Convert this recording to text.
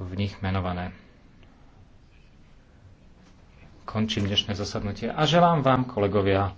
v nich menované. Končím dnešné zasadnutie a želám vám, kolegovia,